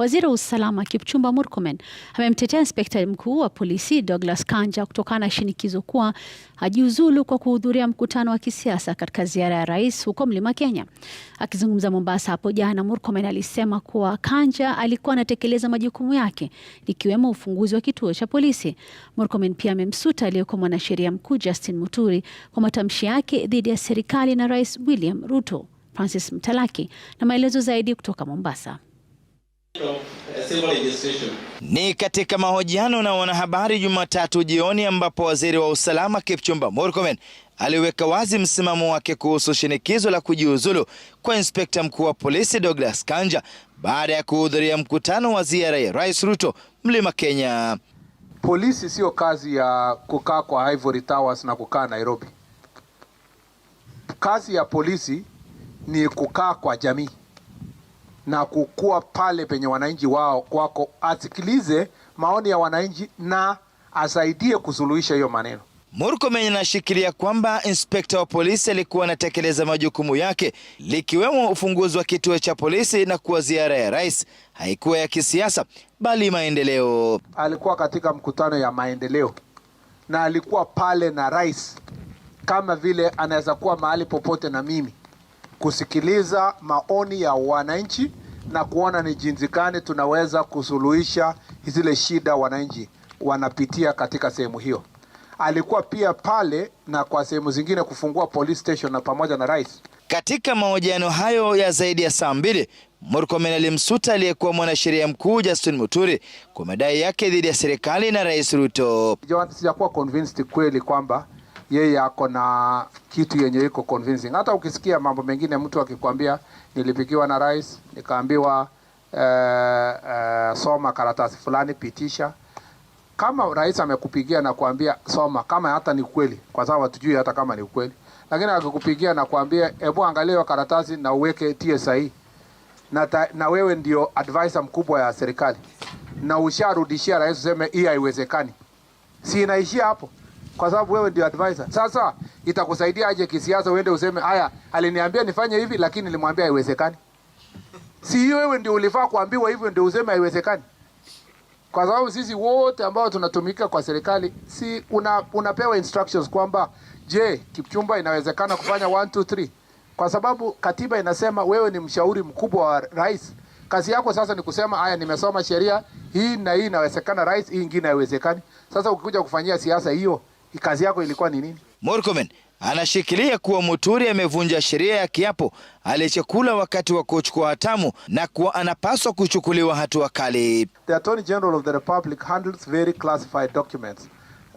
Waziri wa usalama Kipchumba Murkomen amemtetea inspekta mkuu wa polisi Douglas Kanja kutokana na shinikizo kuwa hajiuzulu kwa kuhudhuria mkutano wa kisiasa katika ziara ya rais huko Mlima Kenya. Akizungumza Mombasa hapo jana, Murkomen alisema kuwa Kanja alikuwa anatekeleza majukumu yake ikiwemo ufunguzi wa kituo cha polisi. Murkomen pia amemsuta aliyekuwa mwanasheria mkuu Justin Muturi kwa matamshi yake dhidi ya serikali na Rais William Ruto. Francis Mtalaki na maelezo zaidi kutoka Mombasa. Ni katika mahojiano na wanahabari Jumatatu jioni ambapo waziri wa usalama Kipchumba Murkomen aliweka wazi msimamo wake kuhusu shinikizo la kujiuzulu kwa inspekta mkuu wa polisi Douglas Kanja baada ya kuhudhuria mkutano wa ziara ya Rais Ruto Mlima Kenya. Polisi siyo kazi ya kukaa kwa Ivory Towers na kukaa Nairobi. Kazi ya polisi ni kukaa kwa jamii na kukuwa pale penye wananchi wao kwako, asikilize maoni ya wananchi na asaidie kusuluhisha hiyo maneno. Murkomen anashikilia kwamba inspekta wa polisi alikuwa anatekeleza majukumu yake likiwemo ufunguzi wa kituo cha polisi na kuwa ziara ya rais haikuwa ya kisiasa bali maendeleo. Alikuwa katika mkutano ya maendeleo na alikuwa pale na rais, kama vile anaweza kuwa mahali popote na mimi kusikiliza maoni ya wananchi na kuona ni jinsi gani tunaweza kusuluhisha zile shida wananchi wanapitia katika sehemu hiyo. Alikuwa pia pale na kwa sehemu zingine kufungua police station na pamoja na rais. Katika mahojiano hayo ya zaidi ya saa mbili, Murkomen alimsuta aliyekuwa mwanasheria mkuu Justin Muturi kwa madai yake dhidi ya serikali na Rais Ruto. Sijakuwa convinced kweli kwamba yeye ako na kitu yenye iko convincing. Hata ukisikia mambo mengine mtu akikwambia nilipikiwa na rais nikaambiwa eh, eh, soma karatasi fulani pitisha. Kama rais amekupigia na kuambia soma, kama hata ni kweli, kwa sababu hatujui hata kama ni kweli, lakini akikupigia na kuambia hebu angalia karatasi na uweke tie sahihi na, ta, na wewe ndio advisor mkubwa ya serikali na usharudishia rais useme hii haiwezekani, si inaishia hapo kwa sababu wewe ndio advisor. Sasa itakusaidia aje kisiasa uende useme haya, aliniambia nifanye hivi lakini nilimwambia haiwezekani? Si wewe ndio ulifaa kuambiwa hivyo ndio useme haiwezekani? Kwa sababu sisi wote ambao tunatumika kwa serikali si una, unapewa instructions kwamba je, Kipchumba inawezekana kufanya 1 2 3 kwa sababu katiba inasema wewe ni mshauri mkubwa wa rais. Kazi yako sasa ni kusema haya, nimesoma sheria hii na hii inawezekana rais, hii nyingine haiwezekani. Sasa ukikuja kufanyia siasa hiyo kazi yako ilikuwa ni nini? Murkomen anashikilia kuwa Muturi amevunja sheria ya kiapo alichokula wakati wa kuchukua hatamu na kuwa anapaswa kuchukuliwa hatua kali. The Attorney General of the Republic handles very classified documents.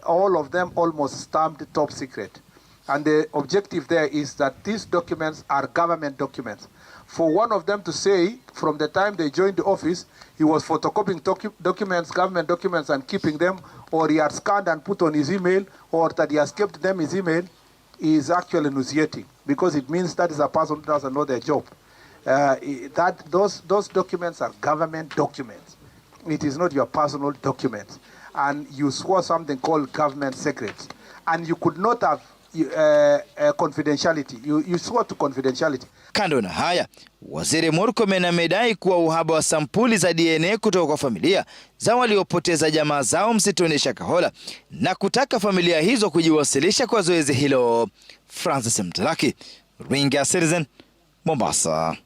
All of them almost stamped top secret. And the objective there is that these documents are government documents. for one of them to say from the time they joined the office, he was photocopying docu documents, government documents, and keeping them, or he had scanned and put on his email, or that he has kept them his email, is actually nauseating because it means that is a person who doesn't know their job. Uh, that those those documents are government documents. It is not your personal document, and you swore something called government secret, and you could not have Uh, uh, confidentiality. You, you swore to confidentiality. Kando na haya, Waziri Murkomen amedai kuwa uhaba wa sampuli za DNA kutoka kwa familia za waliopoteza jamaa zao msituni Shakahola na kutaka familia hizo kujiwasilisha kwa zoezi hilo. Francis Mtalaki, Ringa Citizen, Mombasa.